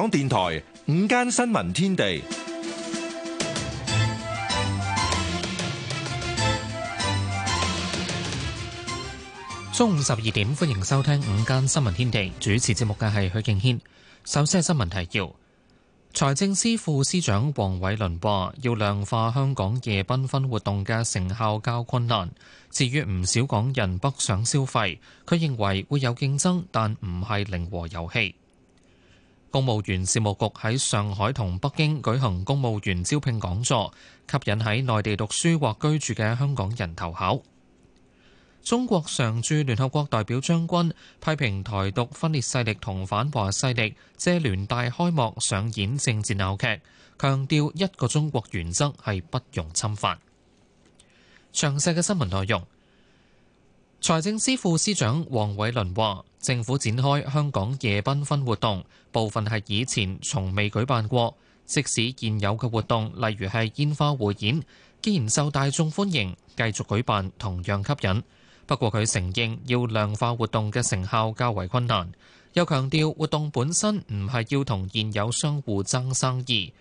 港電台午間新聞天地，中午十二點，歡迎收聽午間新聞天地。主持節目嘅係許敬軒。首先係新聞提要：財政司副司長黃偉綸話，要量化香港夜繽紛活動嘅成效較困難。至於唔少港人北上消費，佢認為會有競爭，但唔係零和遊戲。公務員事務局喺上海同北京舉行公務員招聘講座，吸引喺內地讀書或居住嘅香港人投考。中國常駐聯合國代表張軍批評台獨分裂勢力同反華勢力借聯大開幕上演政治鬧劇，強調一個中國原則係不容侵犯。詳細嘅新聞內容。財政司副司長黃偉麟話：政府展開香港夜繽紛活動，部分係以前從未舉辦過；即使現有嘅活動，例如係煙花匯演，既然受大眾歡迎，繼續舉辦同樣吸引。不過佢承認要量化活動嘅成效較為困難，又強調活動本身唔係要同現有商戶爭生意。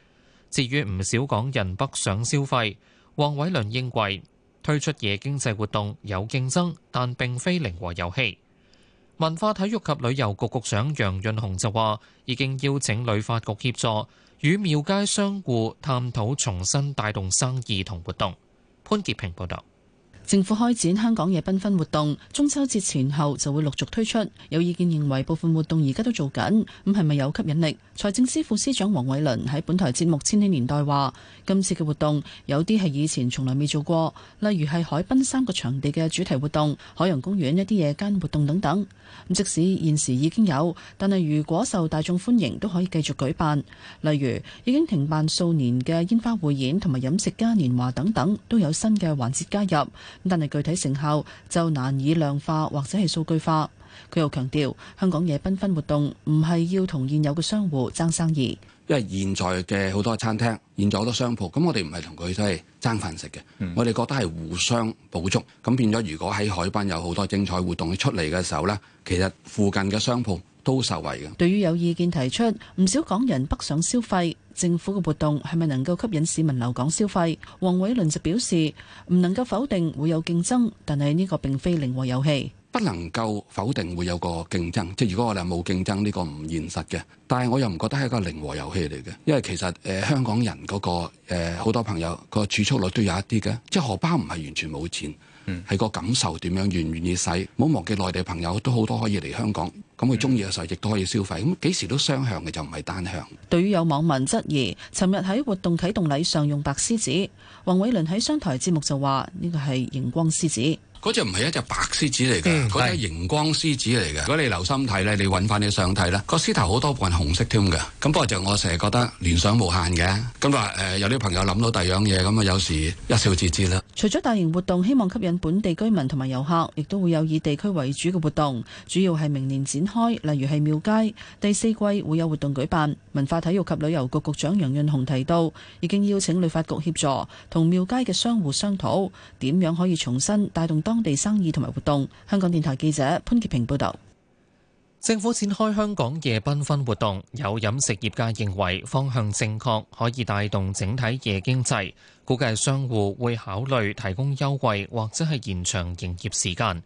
至於唔少港人北上消費，黃偉麟認為，推出夜經濟活動有競爭，但並非零和遊戲。文化體育及旅遊局局長楊潤雄就話，已經邀請旅發局協助，與廟街商戶探討重新帶動生意同活動。潘潔平報道。政府開展香港夜繽紛活動，中秋節前後就會陸續推出。有意見認為部分活動而家都在做緊，咁係咪有吸引力？財政司副司長黃偉綸喺本台節目《千禧年代》話：今次嘅活動有啲係以前從來未做過，例如係海濱三個場地嘅主題活動、海洋公園一啲夜間活動等等，嗯。即使現時已經有，但係如果受大眾歡迎，都可以繼續舉辦。例如已經停辦數年嘅煙花匯演同埋飲食嘉年華等等，都有新嘅環節加入。但係具體成效就難以量化或者係數據化。佢又強調，香港夜繽紛活動唔係要同現有嘅商戶爭生意，因為現在嘅好多餐廳，現在好多商鋪，咁我哋唔係同佢都係爭飯食嘅，我哋覺得係互相補足。咁變咗，如果喺海濱有好多精彩活動出嚟嘅時候呢，其實附近嘅商鋪，都受惠嘅。對於有意見提出，唔少港人北上消費，政府嘅活動係咪能夠吸引市民留港消費？黃偉綸就表示唔能夠否定會有競爭，但係呢個並非零和遊戲。不能夠否定會有個競爭，即係如果我哋冇競爭，呢、這個唔現實嘅。但係我又唔覺得係一個零和遊戲嚟嘅，因為其實誒、呃、香港人嗰、那個好、呃、多朋友個儲蓄率都有一啲嘅，即係荷包唔係完全冇錢，係、嗯、個感受點樣願唔願意使。冇忘記內地朋友都好多可以嚟香港。咁佢中意嘅時候亦都可以消費，咁幾時都雙向嘅，就唔係單向。對於有網民質疑，尋日喺活動啓動禮上用白獅子，黃偉倫喺商台節目就話呢個係熒光獅子。嗰隻唔係一隻白獅子嚟嘅，嗰隻熒光獅子嚟嘅。如果你留心睇咧，你揾翻你相睇啦。個獅頭好多部分紅色添嘅。咁不過就我成日覺得聯想無限嘅。咁話誒，有啲朋友諗到第二樣嘢，咁啊有時一笑置之啦。除咗大型活動，希望吸引本地居民同埋遊客，亦都會有以地區為主嘅活動，主要係明年展開，例如係廟街第四季會有活動舉辦。文化體育及旅遊局局長楊潤雄提到，已經邀請旅發局協助同廟街嘅商戶商討點樣可以重新帶動。當地生意同埋活動，香港電台記者潘潔平報道。政府展開香港夜繽紛活動，有飲食業界認為方向正確，可以帶動整體夜經濟。估計商戶會考慮提供優惠或者係延長營業時間。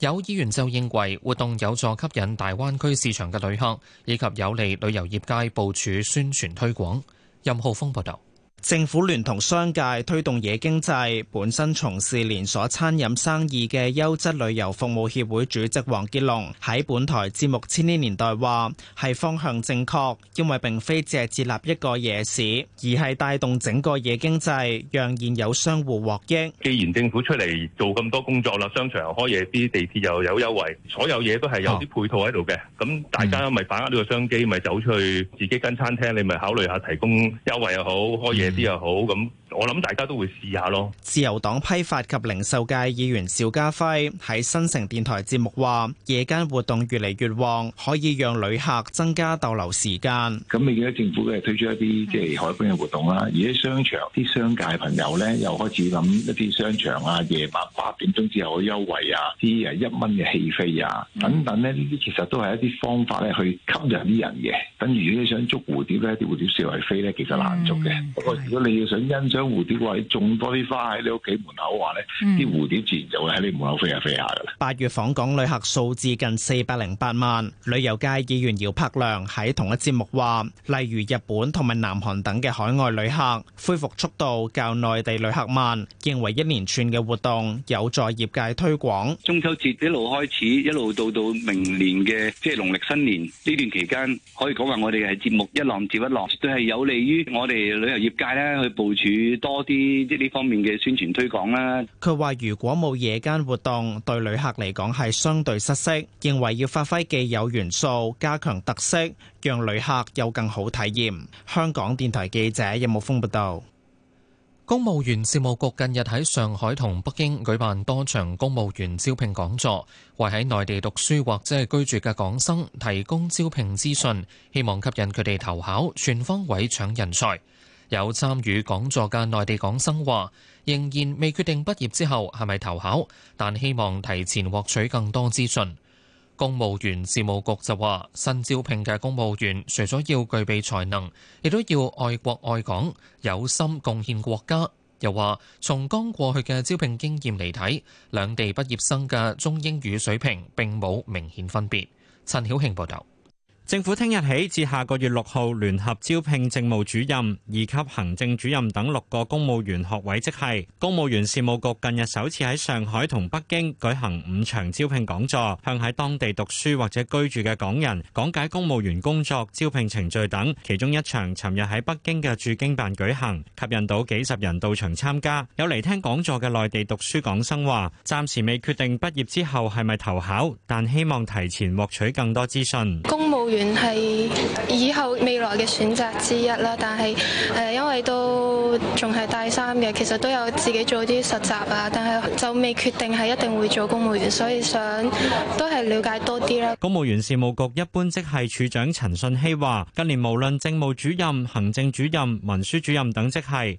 有議員就認為活動有助吸引大灣區市場嘅旅客，以及有利旅遊業界部署宣傳推廣。任浩峰報道。政府聯同商界推動夜經濟，本身從事連鎖餐飲生意嘅優質旅遊服務協會主席黃傑龍喺本台節目《千禧年代》話係方向正確，因為並非只係設立一個夜市，而係帶動整個夜經濟，讓現有商戶獲益。既然政府出嚟做咁多工作啦，商場又開夜，啲地鐵又有優惠，所有嘢都係有啲配套喺度嘅。咁、oh. 大家咪把握呢個商機，咪走出去自己間餐廳，你咪考慮下提供優惠又好，開夜。啲又好咁，嗯 我諗大家都會試下咯。自由黨批發及零售界議員邵家輝喺新城電台節目話：，夜間活動越嚟越旺，可以讓旅客增加逗留時間。咁你見到政府都係推出一啲即係海邊嘅活動啦，而啲商場啲商界朋友咧又開始諗一啲商場啊，夜晚八點鐘之後嘅優惠啊，啲誒一蚊嘅戲飛啊，等等咧呢啲其實都係一啲方法咧去吸引啲人嘅。等如果你想捉蝴蝶咧，啲蝴蝶四圍飛咧其實難捉嘅。不過如果你要想欣賞，將蝴蝶喎，種多啲花喺你屋企門口，話咧，啲蝴蝶自然就會喺你門口飛下飛下噶啦。八月訪港旅客數字近四百零八萬，旅遊界議員姚柏良喺同一節目話，例如日本同埋南韓等嘅海外旅客恢復速度較內地旅客慢，認為一連串嘅活動有助業界推廣。中秋節一路開始，一路到到明年嘅即係農曆新年呢段期間，可以講話我哋嘅節目一浪接一浪，都係有利於我哋旅遊業界咧去部署。要多啲呢啲方面嘅宣傳推廣啦。佢話如果冇夜間活動，對旅客嚟講係相對失色。認為要發揮既有元素，加強特色，讓旅客有更好體驗。香港電台記者任木峰報道。公務員事務局近日喺上海同北京舉辦多場公務員招聘講座，為喺內地讀書或者係居住嘅港生提供招聘資訊，希望吸引佢哋投考，全方位搶人才。有參與講座嘅內地港生話，仍然未決定畢業之後係咪投考，但希望提前獲取更多資訊。公務員事務局就話，新招聘嘅公務員除咗要具備才能，亦都要愛國愛港，有心貢獻國家。又話，從剛過去嘅招聘經驗嚟睇，兩地畢業生嘅中英語水平並冇明顯分別。陳曉慶報道。政府聽日起至下個月六號聯合招聘政務主任、二級行政主任等六個公務員學位職系。公務員事務局近日首次喺上海同北京舉行五場招聘講座，向喺當地讀書或者居住嘅港人講解公務員工作、招聘程序等。其中一場尋日喺北京嘅駐京辦舉行，吸引到幾十人到場參加。有嚟聽講座嘅內地讀書港生話，暫時未決定畢業之後係咪投考，但希望提前獲取更多資訊。公務員係以後未來嘅選擇之一啦，但係誒，因為都仲係大三嘅，其實都有自己做啲實習啊，但係就未決定係一定會做公務員，所以想都係了解多啲啦。公務員事務局一般職系處長陳順希話，近年無論政務主任、行政主任、文書主任等職系。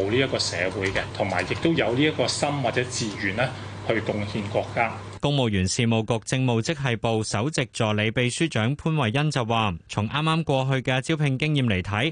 做呢一個社會嘅，同埋亦都有呢一個心或者志願呢去貢獻國家。公務員事務局政務職系部首席助理秘書長潘慧欣就話，從啱啱過去嘅招聘經驗嚟睇。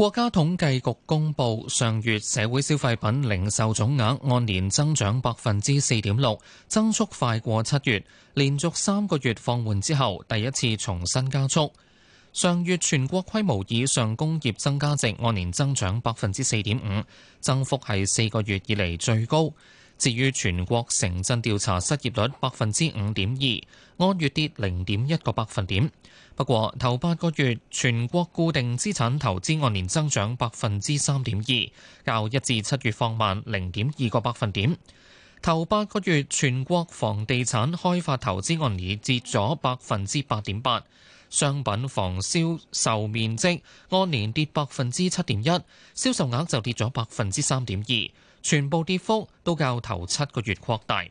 國家統計局公布，上月社會消費品零售總額按年增長百分之四點六，增速快過七月，連續三個月放緩之後，第一次重新加速。上月全國規模以上工業增加值按年增長百分之四點五，增幅係四個月以來最高。至於全國城鎮調查失業率百分之五點二，按月跌零點一個百分點。不過頭八個月全國固定資產投資按年增長百分之三點二，較一至七月放慢零點二個百分點。頭八個月全國房地產開發投資按年跌咗百分之八點八，商品房銷售面積按年跌百分之七點一，銷售額就跌咗百分之三點二。全部跌幅都較頭七個月擴大。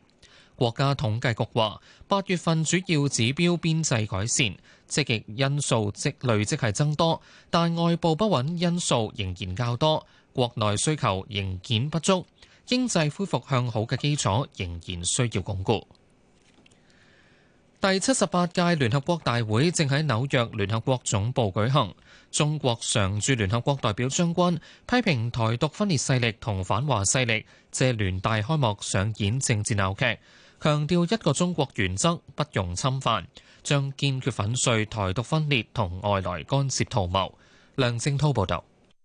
國家統計局話，八月份主要指標邊際改善，積極因素積累即係增多，但外部不穩因素仍然較多，國內需求仍見不足，經濟恢復向好嘅基礎仍然需要鞏固。第七十八屆聯合國大會正喺紐約聯合國總部舉行。中國常駐聯合國代表張軍批評台獨分裂勢力同反華勢力借聯大開幕上演政治鬧劇，強調一個中國原則不容侵犯，將堅決粉碎台獨分裂同外來干涉圖謀，梁正濤報道。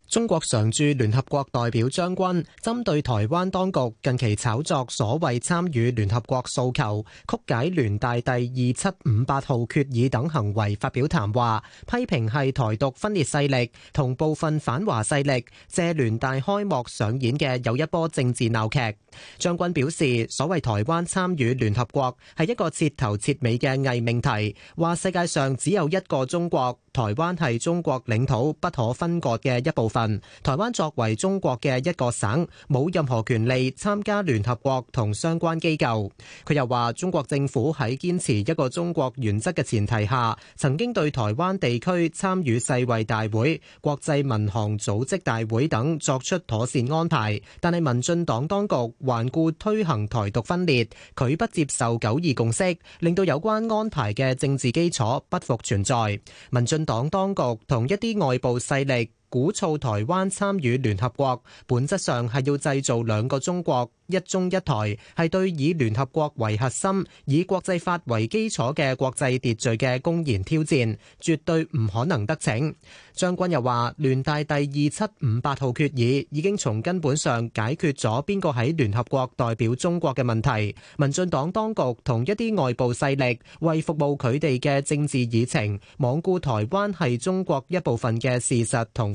中國常駐聯合國代表張軍針對台灣當局近期炒作所謂參與聯合國訴求、曲解聯大第二七五八號決議等行為發表談話，批評係台獨分裂勢力同部分反華勢力借聯大開幕上演嘅又一波政治鬧劇。張軍表示，所謂台灣參與聯合國係一個徹頭徹尾嘅偽命題，話世界上只有一個中國。台灣係中國領土不可分割嘅一部分。台灣作為中國嘅一個省，冇任何權利參加聯合國同相關機構，佢又話中國政府喺堅持一個中國原則嘅前提下，曾經對台灣地區參與世衛大會國際民航組織大會等作出妥善安排。但係民進黨當局頑固推行台獨分裂，拒不接受九二共識，令到有關安排嘅政治基礎不復存在。民進黨當局同一啲外部勢力，鼓噪台灣參與聯合國，本質上係要製造兩個中國，一中一台，係對以聯合國為核心、以國際法為基礎嘅國際秩序嘅公然挑戰，絕對唔可能得逞。將軍又話，聯大第二七五八號決議已經從根本上解決咗邊個喺聯合國代表中國嘅問題。民進黨當局同一啲外部勢力為服務佢哋嘅政治議程，罔顧台灣係中國一部分嘅事實同。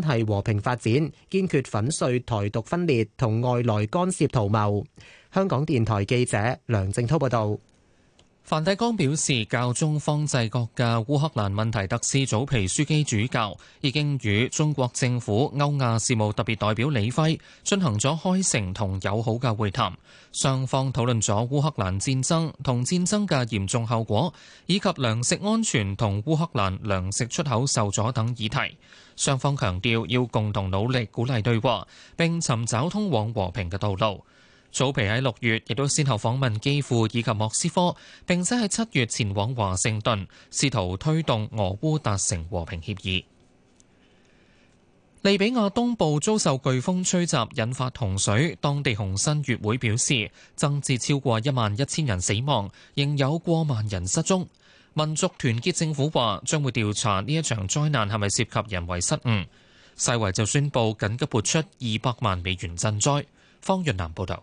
係和平發展，堅決粉碎台獨分裂同外來干涉圖謀。香港電台記者梁正濤報道。梵蒂岡表示，教宗方濟各嘅烏克蘭問題特使、祖皮樞機主教已經與中國政府歐亞事務特別代表李輝進行咗開誠同友好嘅會談，雙方討論咗烏克蘭戰爭同戰爭嘅嚴重後果，以及糧食安全同烏克蘭糧食出口受阻等議題，雙方強調要共同努力，鼓勵對話，並尋找通往和平嘅道路。早前喺六月，亦都先後訪問基輔以及莫斯科，並且喺七月前往華盛頓，試圖推動俄烏達成和平協議。利比亞東部遭受颶風吹襲，引發洪水，當地紅新月會表示增至超過一萬一千人死亡，仍有過萬人失蹤。民族團結政府話將會調查呢一場災難係咪涉及人為失誤。世衛就宣布緊急撥出二百萬美元賑災。方若南報導。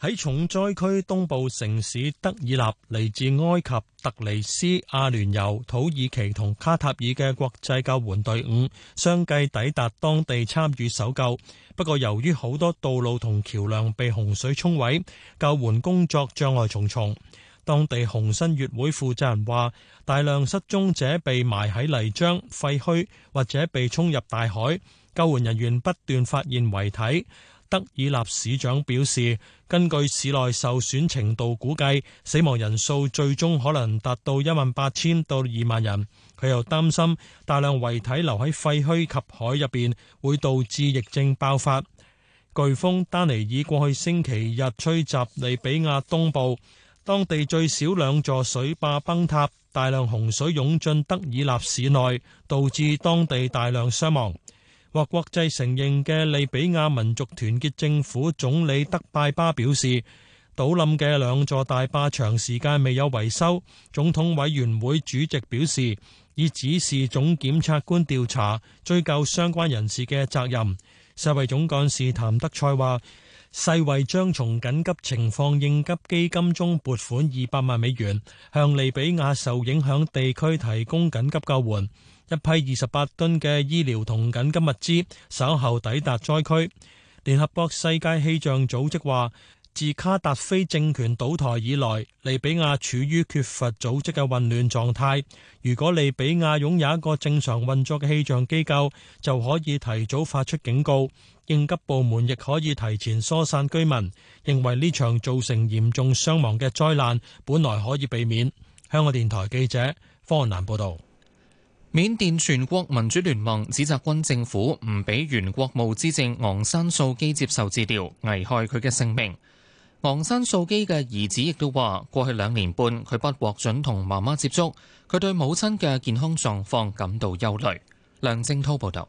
喺重災區東部城市德爾納，嚟自埃及、特尼斯、阿聯酋、土耳其同卡塔爾嘅國際救援隊伍相繼抵達當地參與搜救。不過由於好多道路同橋樑被洪水沖毀，救援工作障礙重重。當地紅新月會負責人話，大量失蹤者被埋喺泥漿廢墟或者被沖入大海，救援人員不斷發現遺體。德爾納市長表示，根據市內受損程度估計，死亡人數最終可能達到一萬八千到二萬人。佢又擔心大量遺體留喺廢墟及海入邊，會導致疫症爆發。颶風丹尼爾過去星期日吹襲利比亞東部，當地最少兩座水壩崩塌，大量洪水湧進德爾納市內，導致當地大量傷亡。獲國際承認嘅利比亞民族團結政府總理德拜巴表示，倒冧嘅兩座大壩長時間未有維修。總統委員會主席表示，已指示總檢察官調查追究相關人士嘅責任。世衛總幹事譚德賽話，世衛將從緊急情況應急基金中撥款二百萬美元，向利比亞受影響地區提供緊急救援。一批二十八噸嘅醫療同緊急物資稍後抵達災區。聯合國世界氣象組織話，自卡達菲政權倒台以來，利比亞處於缺乏組織嘅混亂狀態。如果利比亞擁有一個正常運作嘅氣象機構，就可以提早發出警告，應急部門亦可以提前疏散居民，認為呢場造成嚴重傷亡嘅災難本來可以避免。香港電台記者方南報道。緬甸全國民主聯盟指責軍政府唔俾原國務資政昂山素基接受治療，危害佢嘅性命。昂山素基嘅兒子亦都話，過去兩年半佢不獲准同媽媽接觸，佢對母親嘅健康狀況感到憂慮。梁正濤報道。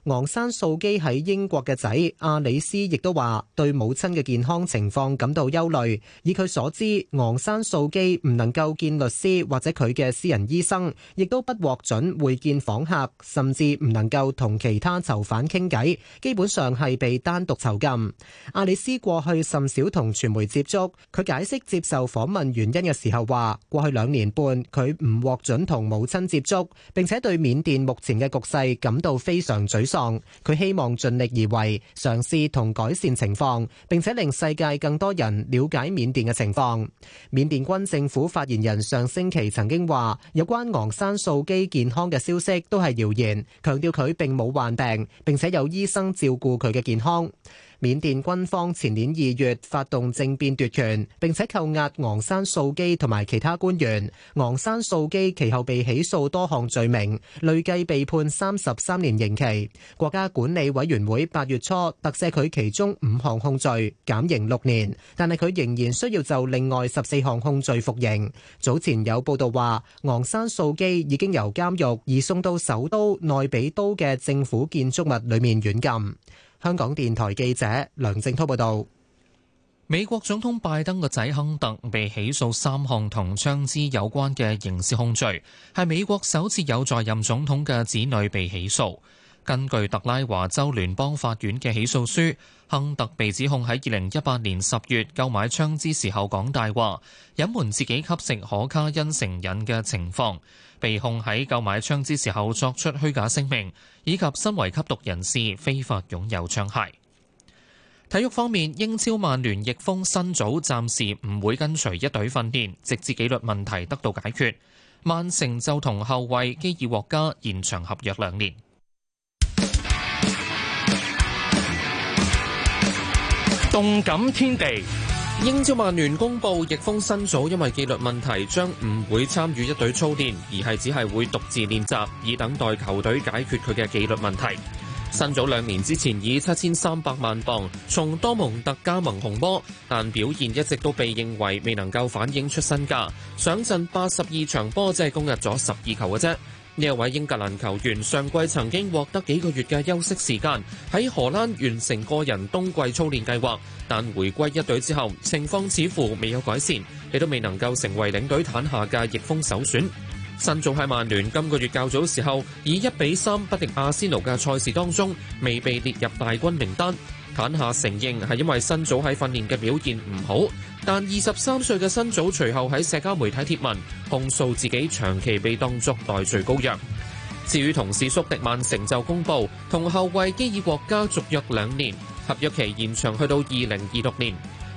昂山素基喺英國嘅仔阿里斯亦都話對母親嘅健康情況感到憂慮，以佢所知，昂山素基唔能夠見律師或者佢嘅私人醫生，亦都不獲准會見訪客，甚至唔能夠同其他囚犯傾偈。基本上係被單獨囚禁。阿里斯過去甚少同傳媒接觸，佢解釋接受訪問原因嘅時候話過去兩年半佢唔獲准同母親接觸，並且對緬甸目前嘅局勢感到非常沮喪。佢希望盡力而為，嘗試同改善情況，並且令世界更多人了解緬甸嘅情況。緬甸軍政府發言人上星期曾經話，有關昂山素姬健康嘅消息都係謠言，強調佢並冇患病，並且有醫生照顧佢嘅健康。緬甸軍方前年二月發動政變奪權，並且扣押昂山素基同埋其他官員。昂山素基其後被起訴多項罪名，累計被判三十三年刑期。國家管理委員會八月初特赦佢其中五項控罪，減刑六年，但係佢仍然需要就另外十四項控罪服刑。早前有報道話，昂山素基已經由監獄移送到首都內比都嘅政府建築物裏面軟禁。33 8 5 6 14香港電台記者梁正濤報道，美國總統拜登嘅仔亨特被起訴三項同槍支有關嘅刑事控罪，係美國首次有在任總統嘅子女被起訴。根據特拉華州聯邦法院嘅起訴書。亨特被指控喺二零一八年十月購買槍支時候講大話，隱瞞自己吸食可卡因成癮嘅情況，被控喺購買槍支時候作出虛假聲明，以及身為吸毒人士非法擁有槍械。體育方面，英超曼聯逆風新組暫時唔會跟隨一隊訓練，直至紀律問題得到解決。曼城就同後衛基爾獲加延長合約兩年。動感天地，英超曼聯公布，翼鋒辛祖因為紀律問題，將唔會參與一隊操練，而係只係會獨自練習，以等待球隊解決佢嘅紀律問題。辛祖兩年之前以七千三百萬磅從多蒙特加盟紅魔，但表現一直都被認為未能夠反映出身價，上陣八十二場波，只係攻入咗十二球嘅啫。呢一位英格蘭球員上季曾經獲得幾個月嘅休息時間，喺荷蘭完成個人冬季操練計劃，但回歸一隊之後，情況似乎未有改善，亦都未能夠成為領隊麾下嘅逆風首選。甚至喺曼聯今個月較早時候以一比三不敵阿仙奴嘅賽事當中，未被列入大軍名單。坦下承認係因為新組喺訓練嘅表現唔好，但二十三歲嘅新組隨後喺社交媒體貼文控訴自己長期被當作代罪羔羊。至於同事蘇迪曼成就公佈，同後衞基爾國家續約兩年，合約期延長去到二零二六年。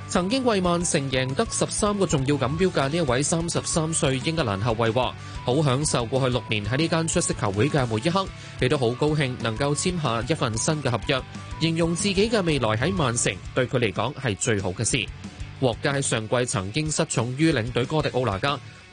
曾經為曼城贏得十三個重要錦標嘅呢一位三十三歲英格蘭後衛話，好享受過去六年喺呢間出色球會嘅每一刻，佢都好高興能夠簽下一份新嘅合約，形容自己嘅未來喺曼城對佢嚟講係最好嘅事。獲加上季曾經失寵於領隊哥迪奧拿加。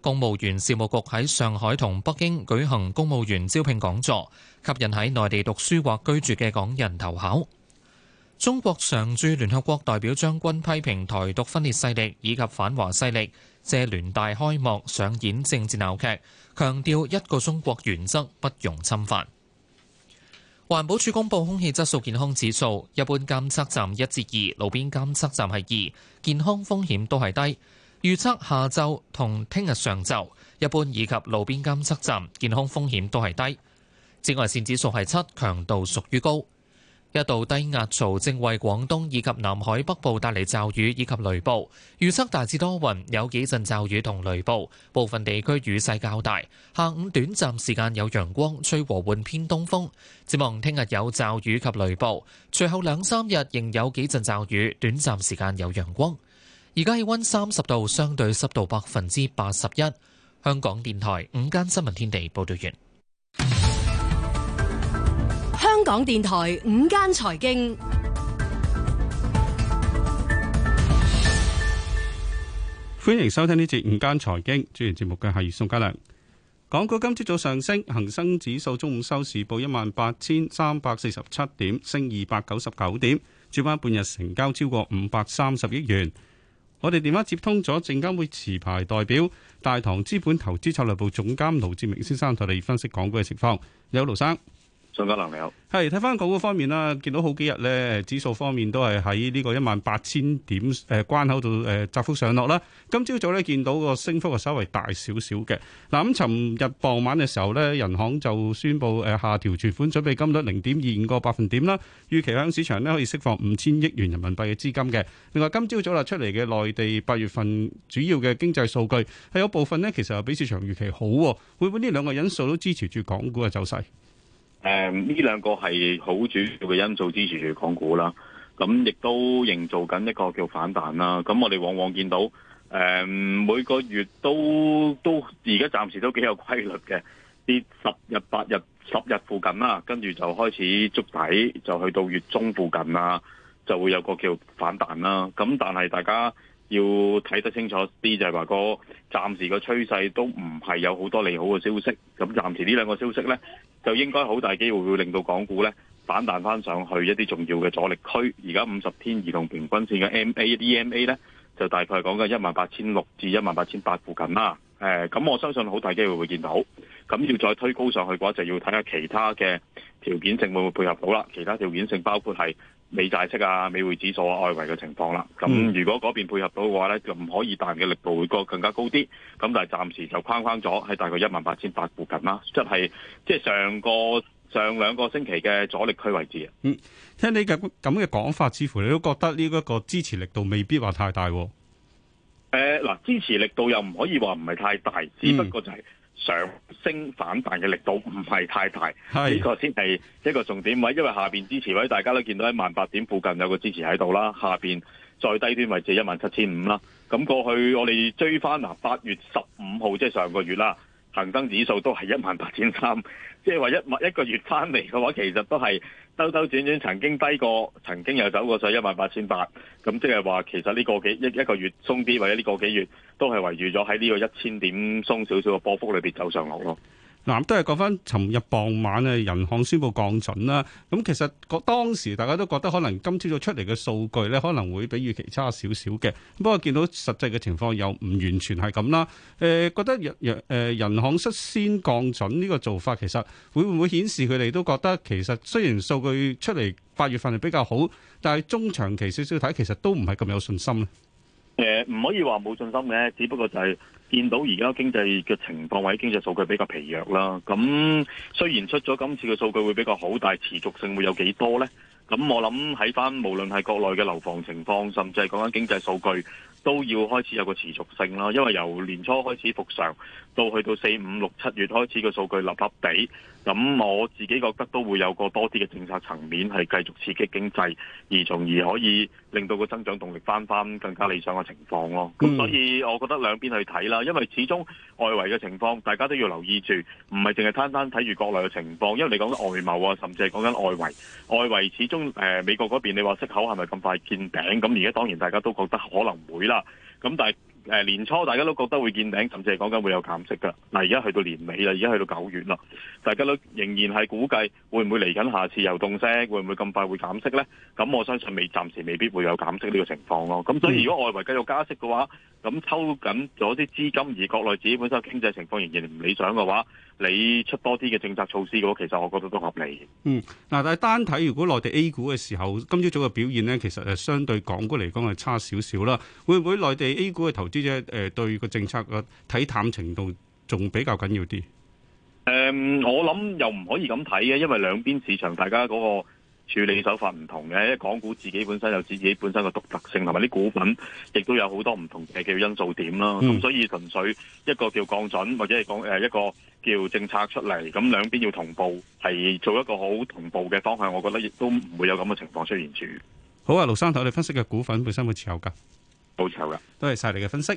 公務員事務局，喺上海同北京舉行公務員招聘講座，吸引喺內地讀書或居住嘅港人投考。中國常駐聯合國代表張軍批評台獨分裂勢力以及反華勢力，借聯大開幕上演政治鬧劇，強調一個中國原則不容侵犯。環保署公布空氣質素健康指數，一般監測站一至二，路邊監測站係二，健康風險都係低。預測下晝同聽日上晝，一般以及路邊監測站健康風險都係低。紫外線指數係七，強度屬於高。一道低壓槽正為廣東以及南海北部帶嚟驟雨以及雷暴。預測大致多雲，有幾陣驟雨同雷暴，部分地區雨勢較大。下午短暫時間有陽光，吹和緩偏東風。展望聽日有驟雨及雷暴，隨後兩三日仍有幾陣驟雨，短暫時間有陽光。而家氣溫三十度，相對濕度百分之八十一。香港電台午間新聞天地報道員，香港電台午間財經，歡迎收聽呢節午間財經。主持節目嘅係宋嘉良。港股今朝早上升，恒生指數中午收市報一萬八千三百四十七點，升二百九十九點。主板半日成交超過五百三十億元。我哋電話接通咗證監會持牌代表大唐資本投資策略部總監盧志明先生，同你分析港股嘅情況。有盧生。上家，你好，係睇翻港股方面啦，見到好幾日咧，指數方面都係喺呢個一萬八千點誒關口度誒窄幅上落啦。今朝早咧，見到個升幅係稍微大少少嘅。嗱、啊、咁，尋、嗯、日傍晚嘅時候咧，人行就宣佈誒、啊、下調存款準備金率零點二五個百分點啦，預期向市場呢，可以釋放五千億元人民幣嘅資金嘅。另外今早早，今朝早出嚟嘅內地八月份主要嘅經濟數據係有部分呢，其實係比市場預期好，啊，會唔會呢兩個因素都支持住港股嘅走勢？誒，呢、嗯、兩個係好主要嘅因素支持住港股啦。咁、嗯、亦都營造緊一個叫反彈啦。咁我哋往往見到，誒，每個月都都而家暫時都幾有規律嘅，跌十日八日十日附近啦，跟住就開始築底，就去到月中附近啦，就會有個叫反彈啦。咁、嗯、但係大家。要睇得清楚啲，就係、是、話個暫時個趨勢都唔係有好多利好嘅消息。咁暫時呢兩個消息呢，就應該好大機會會令到港股呢反彈翻上去一啲重要嘅阻力區。而家五十天移動平均線嘅 MA、DMA 呢，就大概講緊一萬八千六至一萬八千八附近啦。誒、欸，咁我相信好大機會會見到。咁要再推高上去嘅話，就要睇下其他嘅條件性會唔會配合到啦。其他條件性包括係。美債息啊、美匯指數啊、外圍嘅情況啦，咁如果嗰邊配合到嘅話咧，就唔可以大嘅力度會個更加高啲，咁但係暫時就框框咗喺大概一萬八千八附近啦，即係即係上個上兩個星期嘅阻力區位置啊。嗯，聽你嘅咁嘅講法，似乎你都覺得呢一個支持力度未必話太大、啊。誒，嗱，支持力度又唔可以話唔係太大，只不過就係、係。嗯上升反彈嘅力度唔係太大，呢個先係一個重點位，因為下邊支持位大家都見到喺萬八點附近有個支持喺度啦，下邊再低端位置一萬七千五啦。咁過去我哋追翻嗱，八月十五號即係上個月啦。恒生指數都係一萬八千三，即係話一萬一個月翻嚟嘅話，其實都係兜兜轉轉，曾經低過，曾經又走過上一萬八千八，咁即係話其實呢個幾一一個月鬆啲，或者呢個幾月都係圍住咗喺呢個一千點鬆少少嘅波幅裏邊走上落咯。嗱，都係講翻尋日傍晚咧，人行宣布降準啦。咁其實當時大家都覺得可能今朝早出嚟嘅數據咧，可能會比預期差少少嘅。不過見到實際嘅情況又唔完全係咁啦。誒，覺得人人誒人行率先降準呢個做法，其實會唔會顯示佢哋都覺得其實雖然數據出嚟八月份係比較好，但係中長期少少睇，其實都唔係咁有信心咧。誒、呃，唔可以話冇信心嘅，只不過就係、是。見到而家經濟嘅情況或者經濟數據比較疲弱啦，咁雖然出咗今次嘅數據會比較好，但係持續性會有幾多呢？咁我諗喺翻無論係國內嘅樓房情況，甚至係講緊經濟數據，都要開始有個持續性啦，因為由年初開始復常，到去到四五六七月開始嘅數據立立地。咁我自己覺得都會有個多啲嘅政策層面係繼續刺激經濟，而從而可以令到個增長動力翻翻更加理想嘅情況咯。咁、嗯、所以我覺得兩邊去睇啦，因為始終外圍嘅情況大家都要留意住，唔係淨係單單睇住國內嘅情況，因為你講緊外貿啊，甚至係講緊外圍，外圍始終誒、呃、美國嗰邊，你話息口係咪咁快見頂？咁而家當然大家都覺得可能會啦。咁但係、呃、年初大家都覺得會見頂，甚至係講緊會有減息㗎。嗱而家去到年尾啦，而家去到九月啦，大家都仍然係估計會唔會嚟緊下，下次又降息，會唔會咁快會減息呢？咁我相信未，暫時未必會有減息呢個情況咯。咁所以如果外圍繼續加息嘅話，咁抽緊咗啲資金，而國內自己本身經濟情況仍然唔理想嘅話，你出多啲嘅政策措施，嘅話其實我覺得都合理。嗯，嗱，但係單睇如果內地 A 股嘅時候，今朝早嘅表現呢，其實誒相對港股嚟講係差少少啦。會唔會內地 A 股嘅投資者誒對個政策嘅睇淡程度仲比較緊要啲？誒、嗯，我諗又唔可以咁睇嘅，因為兩邊市場大家嗰、嗰個。處理手法唔同嘅，因為港股自己本身有自己本身嘅獨特性，同埋啲股份亦都有好多唔同嘅叫因素點啦。咁、嗯、所以純粹一個叫降準，或者係講誒一個叫政策出嚟，咁兩邊要同步，係做一個好同步嘅方向，我覺得亦都唔會有咁嘅情況出現住。好啊，盧生頭，你分析嘅股份本身會持有㗎？冇持有㗎？多謝晒你嘅分析。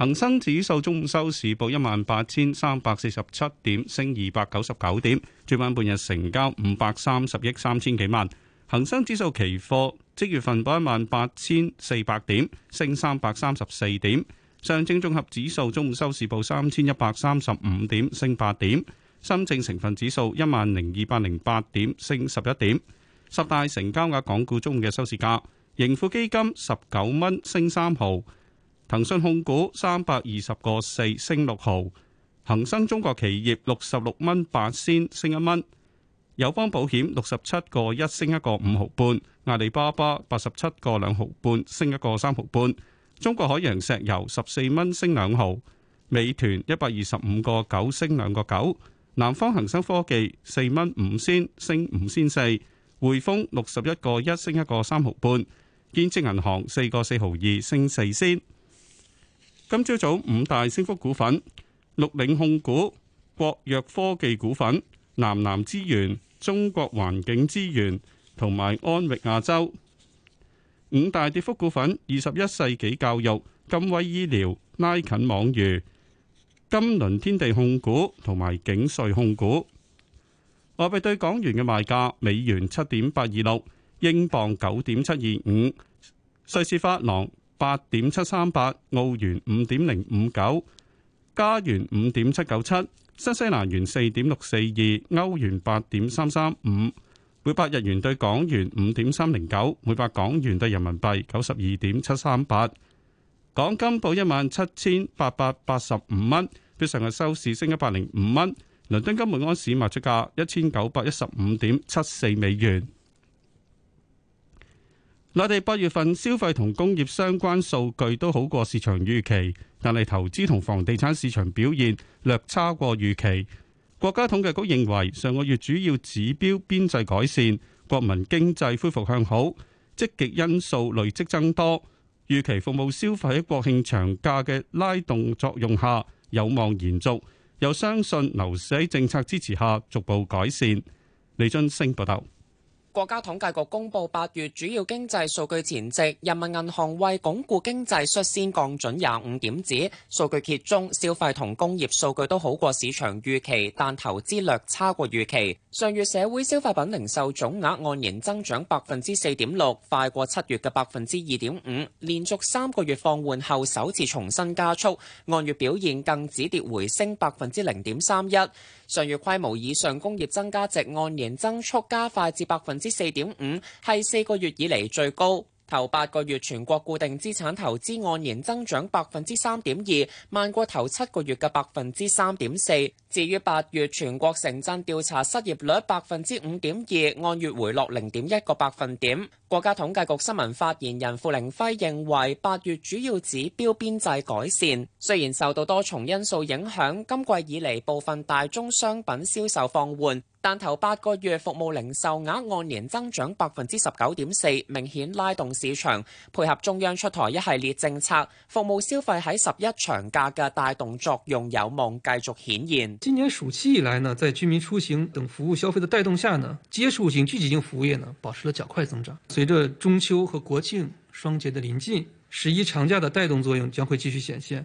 恒生指數中午收市報一萬八千三百四十七點，升二百九十九點。主板半日成交五百三十億三千幾萬。恒生指數期貨即月份報一萬八千四百點，升三百三十四點。上證綜合指數中午收市報三千一百三十五點，升八點。深證成分指數一萬零二百零八點，升十一點。十大成交額港股中午嘅收市價，盈富基金十九蚊，升三毫。騰訊控股三百二十個四升六毫，恒生中國企業六十六蚊八仙升一蚊，友邦保險六十七個一升一個五毫半，阿里巴巴八十七個兩毫半升一個三毫半，中國海洋石油十四蚊升兩毫，美團一百二十五個九升兩個九，南方恒生科技四蚊五仙升五仙四，匯豐六十一個一升一個三毫半，建設銀行四個四毫二升四仙。今朝早五大升幅股份：綠領控股、國藥科技股份、南南資源、中國環境資源同埋安域亞洲。五大跌幅股份：二十一世紀教育、金威醫療、拉近網娛、金輪天地控股同埋景瑞控股。外幣兌港元嘅賣價：美元七點八二六，英鎊九點七二五，瑞士法郎，八點七三八澳元，五點零五九加元，五點七九七新西蘭元，四點六四二歐元，八點三三五，每百日元對港元五點三零九，每百港元對人民幣九十二點七三八。港金報一萬七千八百八十五蚊，比上日收市升一百零五蚊。倫敦金每安士賣出價一千九百一十五點七四美元。內地八月份消費同工業相關數據都好過市場預期，但係投資同房地產市場表現略差過預期。國家統計局認為，上個月主要指標邊際改善，國民經濟恢復向好，積極因素累積增多。預期服務消費喺國慶長假嘅拉動作用下有望延續，又相信樓市喺政策支持下逐步改善。李俊升報道。國家統計局公布八月主要經濟數據前夕，人民銀行為鞏固經濟率先降準廿五點子。數據揭盅，消費同工業數據都好過市場預期，但投資略差過預期。上月社會消費品零售總額按年增長百分之四點六，快過七月嘅百分之二點五，連續三個月放緩後首次重新加速。按月表現更止跌回升百分之零點三一。上月規模以上工業增加值按年增速加快至百分。之四點五係四個月以嚟最高。頭八個月全國固定資產投資按年增長百分之三點二，慢過頭七個月嘅百分之三點四。至於八月全國城鎮調查失業率百分之五點二，按月回落零點一個百分點。國家統計局新聞發言人付凌暉認為，八月主要指標邊際改善，雖然受到多重因素影響，今季以嚟部分大宗商品銷售放緩。但頭八個月服務零售額按年增長百分之十九點四，明顯拉動市場。配合中央出台一系列政策，服務消費喺十一長假嘅帶動作用有望繼續顯現。今年暑期以來呢，在居民出行等服務消費的帶動下呢，接觸性、聚集性服務業呢保持了較快增長。隨着中秋和國慶雙節的臨近，十一長假的帶動作用將會繼續顯現。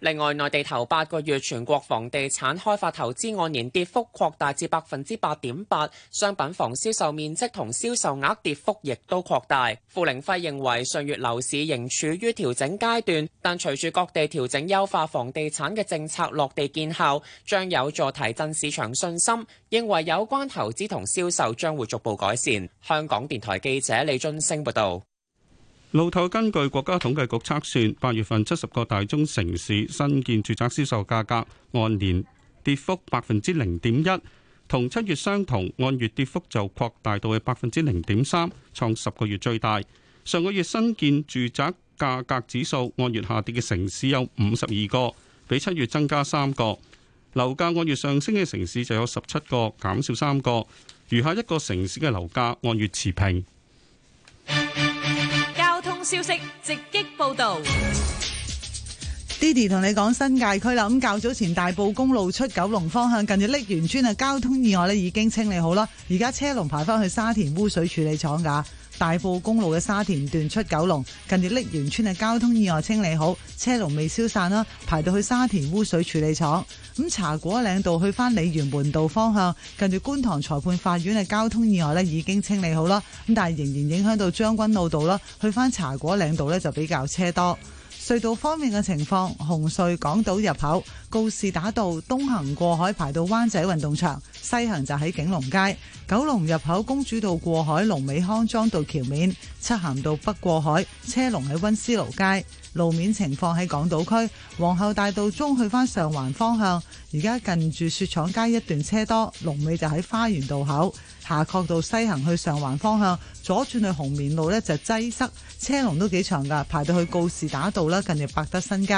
另外，內地頭八個月全國房地產開發投資按年跌幅擴大至百分之八點八，商品房銷售面積同銷售額跌幅亦都擴大。傅玲輝認為上月樓市仍處於調整階段，但隨住各地調整優化房地產嘅政策落地見效，將有助提振市場信心，認為有關投資同銷售將會逐步改善。香港電台記者李津升報道。路透根據國家統計局測算，八月份七十個大中城市新建住宅銷售價格按年跌幅百分之零點一，同七月相同，按月跌幅就擴大到係百分之零點三，創十個月最大。上個月新建住宅價格指數按月下跌嘅城市有五十二個，比七月增加三個。樓價按月上升嘅城市就有十七個，減少三個，餘下一個城市嘅樓價按月持平。消息直擊報道，Daddy 同你講新界區啦，咁較早前大埔公路出九龍方向近住瀝源村嘅交通意外咧已經清理好啦，而家車龍排翻去沙田污水處理廠噶。大埔公路嘅沙田段出九龍，近住瀝源村嘅交通意外清理好，車龍未消散啦，排到去沙田污水處理廠。咁茶果嶺道去翻鯉魚門道方向，近住觀塘裁判法院嘅交通意外呢已經清理好啦，咁但係仍然影響到將軍澳道啦，去翻茶果嶺道呢就比較車多。隧道方面嘅情況，紅隧港島入口告士打道東行過海排到灣仔運動場，西行就喺景隆街；九龍入口公主道過海龍尾康莊道橋面，漆咸道北過海車龍喺溫思勞街，路面情況喺港島區皇后大道中去翻上環方向，而家近住雪廠街一段車多，龍尾就喺花園道口。下角道西行去上環方向，左轉去紅棉路呢就擠塞，車龍都幾長噶，排到去告士打道啦，近住百德新街，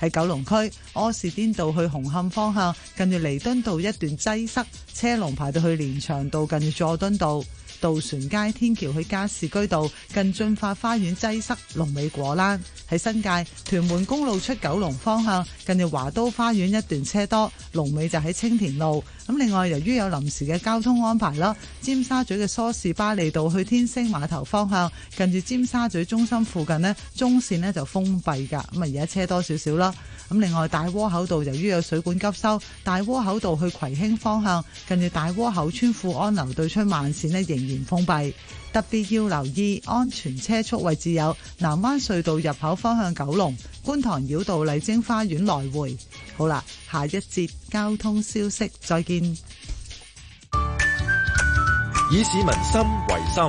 喺九龍區柯士甸道去紅磡方向，近住彌敦道一段擠塞，車龍排到去連翔道近住佐敦道。渡船街天橋去加士居道，近駿發花園擠塞龍尾果欄；喺新界屯門公路出九龍方向，近住華都花園一段車多，龍尾就喺青田路。咁另外，由於有臨時嘅交通安排啦，尖沙咀嘅梳士巴利道去天星碼頭方向，近住尖沙咀中心附近呢，中線呢就封閉噶，咁啊而家車多少少啦。咁另外大窩口道由於有水管急修，大窩口道去葵興方向，跟住大窩口邨富安樓對出慢線咧仍然封閉，特別要留意安全車速位置，有南灣隧道入口方向九龍觀塘繞道麗晶花園來回。好啦，下一節交通消息再見。以市民心為心，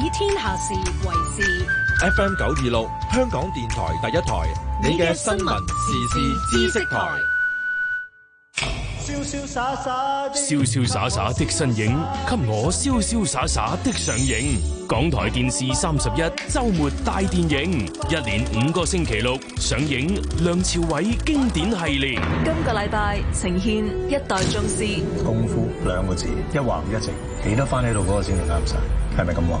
以天下事為事。FM 九二六，香港電台第一台，你嘅新聞時事知識台。瀟瀟灑灑，瀟瀟灑灑的身影，給我瀟瀟灑灑的上映。港台電視三十一周末大電影，一連五個星期六上映。梁朝偉經典系列，今個禮拜呈現一代宗師。功夫兩個字，一橫一直，記得翻呢度嗰個先至啱晒，係咪咁話？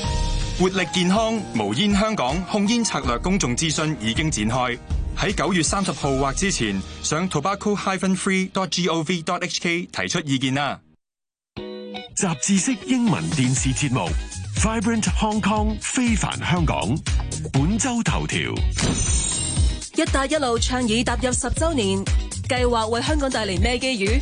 活力健康，無煙香港。控煙策略公眾諮詢已經展開，喺九月三十號或之前上 tobacco hyphen free dot gov dot hk 提出意見啦。雜誌式英文電視節目《Vibrant Hong Kong 非凡香港》本周頭條：“一帶一路”倡議踏入十周年，計劃為香港帶嚟咩機遇？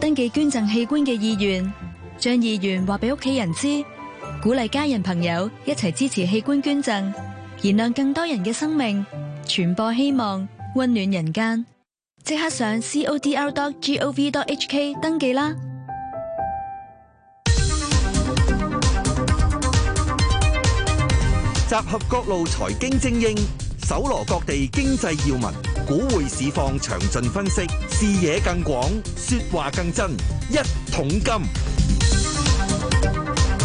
登記捐贈器官嘅意願，將意願話俾屋企人知，鼓勵家人朋友一齊支持器官捐贈，燃亮更多人嘅生命，傳播希望，溫暖人間。即刻上 codr.gov.hk 登記啦！集合各路財經精英，搜羅各地經濟要聞。股匯市況詳盡分析，視野更廣，説話更真，一桶金。